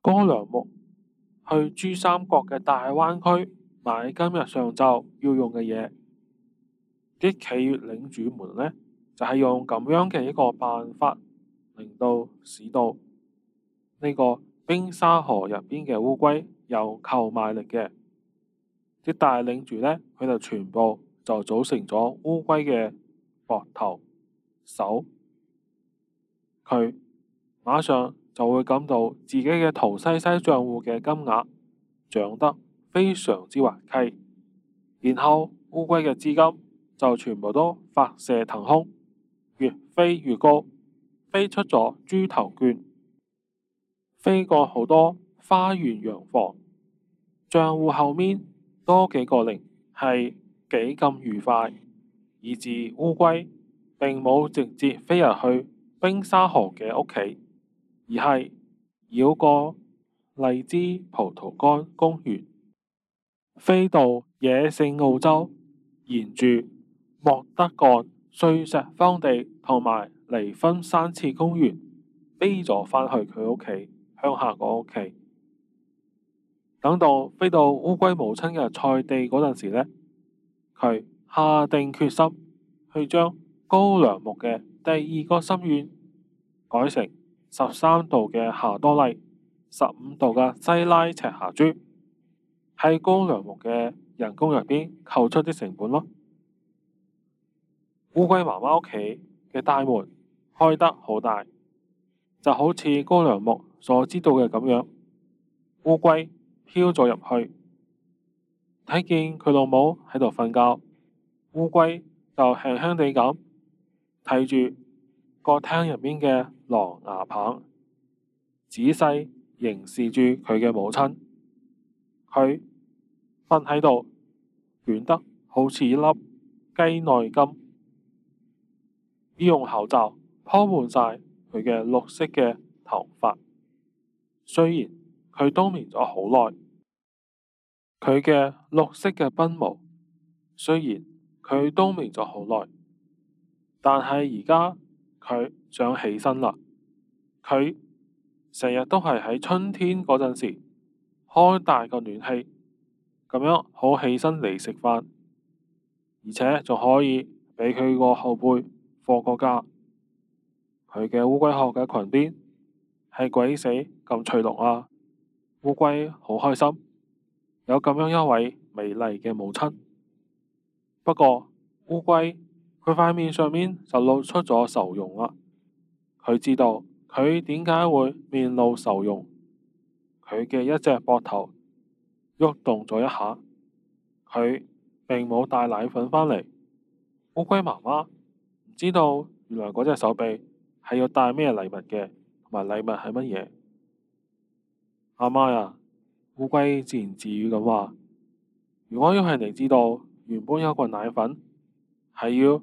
高粱鉬去珠三角嘅大灣區買今日上晝要用嘅嘢，啲企業領主們呢就係、是、用咁樣嘅一個辦法，令到市道呢、這個冰沙河入邊嘅烏龜有購買力嘅，啲大領主呢佢就全部就組成咗烏龜嘅膊頭、手、佢馬上。就會感到自己嘅淘西西賬戶嘅金額漲得非常之滑稽，然後烏龜嘅資金就全部都發射騰空，越飛越高，飛出咗豬頭券，飛過好多花園洋房，賬戶後面多幾個零，係幾咁愉快，以至烏龜並冇直接飛入去冰沙河嘅屋企。而係繞過荔枝葡萄乾公園，飛到野性澳洲，沿住莫德干碎石荒地同埋離婚三次公園飛咗返去佢屋企鄉下個屋企。等到飛到烏龜母親嘅菜地嗰陣時呢，佢下定決心去將高粱木嘅第二個心願改成。十三度嘅夏多麗，十五度嘅西拉赤霞珠，喺高粱木嘅人工入邊扣出啲成本咯。烏龜媽媽屋企嘅大門開得好大，就好似高粱木所知道嘅咁樣，烏龜飄咗入去，睇見佢老母喺度瞓覺，烏龜就輕輕地咁睇住。個廳入邊嘅狼牙棒仔細凝視住佢嘅母親，佢瞓喺度，捲得好似一粒雞內金。醫用口罩鋪滿晒佢嘅綠色嘅頭髮。雖然佢冬眠咗好耐，佢嘅綠色嘅鬢毛雖然佢冬眠咗好耐，但係而家。佢想起身啦，佢成日都係喺春天嗰陣時開大個暖氣，咁樣好起身嚟食飯，而且仲可以俾佢個後背放個假。佢嘅烏龜殼嘅裙邊係鬼死咁翠綠啊！烏龜好開心，有咁樣一位美麗嘅母親。不過烏龜。佢塊面上面就露出咗愁容啦。佢知道佢點解會面露愁容。佢嘅一隻膊頭喐動咗一下。佢並冇帶奶粉返嚟。烏龜媽媽唔知道，原來嗰隻手臂係要帶咩禮物嘅，同埋禮物係乜嘢。阿媽呀、啊，烏龜自言自語咁話：，如果要係你知道，原本有個奶粉係要。